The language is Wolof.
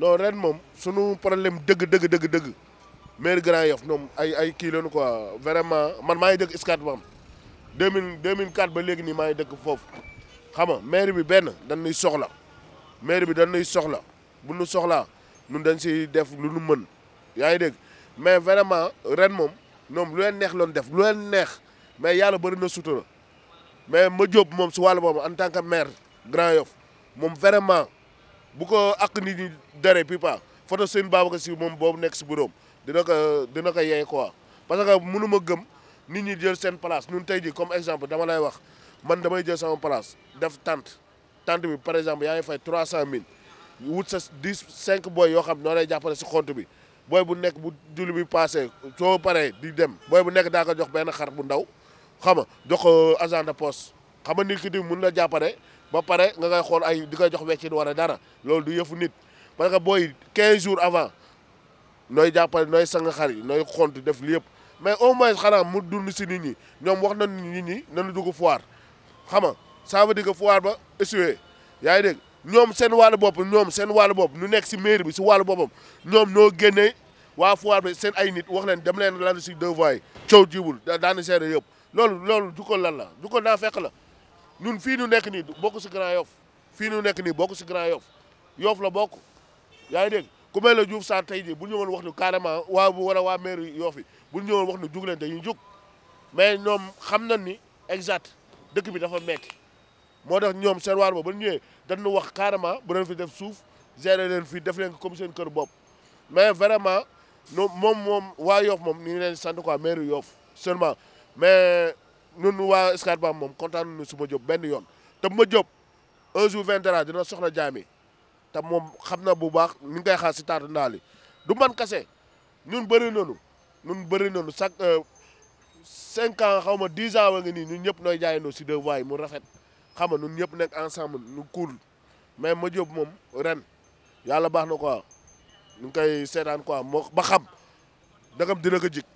non ren moom sunu problème dëgg dëgg dëgg dëgg maire Grand Yoff noom ay ay kii lañu ko vraiment man maa ngi dëkk Scat Mbam 2000 2004 ba léegi nii maa ngi dëkk foofu xam nga maire bi benn dañ nuy soxla maire bi dañ nuy soxla bu nu soxlaa ñun dañ si def lu nu mën yaa ngi dégg mais vraiment ren moom ñoom lu leen neex loon def lu leen neex mais yàlla bëri na sutura mais ma jóob moom si wàllu boobu en tant que maire Grand Yoff moom vraiment. bu ko ak nit ñi dare Pipa photo seen Babacar si moom boobu nekk si buróom dina ko dina ko yey quoi parce que mënu ma gëm nit ñi jël seen place ñun tey ji comme exemple dama lay wax man damay jël sama place def tente tente bi par exemple yaa ngi fay trois cent mille wut sa dix cinq booy yoo xam noo lay jàppale si xont bi booy bu nekk bu julli bi passé soo paree di dem booy bu nekk daa ko jox benn xar bu ndaw xam nga jox ko agent de poste xam nga nit ki tamit mun la jàppale ba pare nga koy xool ay di koy jox weccin wala dara loolu du yëfu nit parce que booy 15 jours avant nooy jàppale nooy sang xar yi nooy xont def li yëpp mais au moins xanaa mu dund si nit ñi ñoom wax nañ nit ñi nañu dugg foire xam nga ça veut dire que ba essuyer yaa ngi dégg ñoom seen wàllu bopp ñoom seen wàllu ñu nekk si mairie bi si wàllu boppam ñoom ñoo génnee waa foire bi seen ay nit wax leen dem leen lan si deux voies yi coow jiwul daan seere yëpp loolu loolu du ko lan la du naa fekk la ñun fii ñu nekk nii bokk si Grand Yoff fii ñu nekk nii bokk si Grand Yoff Yoff la bokk yaa ngi dégg ku mel ne Diouf tey jii bu ñu ñëwoon wax ñu carrément waa bu war a waa maire Yoff yi bu ñu ñëwoon wax ñu jug leen dañuy jug mais ñoom xam nañ ni exact dëkk bi dafa metti moo tax ñoom seen waar ba ba ñëwee dañu wax carrément bu leen fi def suuf gérer leen fii def leen comme seen kër bopp mais vraiment no moom moom waa Yoff moom ñu ngi leen sant quoi maire Yoff seulement mais ñun waa Scat Bambam moom kontaan nañu Suma Diop benn yoon te ma Diop un jour vingt dara dina soxla jaami te moom xam na bu baax ñu ngi koy xaar si taatu ndaal yi du man kase ñun bëri nañu ñun bëri nañu chaque euh, cinq ans xaw ma dix ans wa ngi nii ñun ñëpp nooy jaayandoo si deux voies mu rafet xam nga ñun ñëpp nekk ensemble ñu cool mais ma Diop moom ren yàlla baax na ko ñu ngi koy seetaan quoi moo ba xam dagam dina ko jik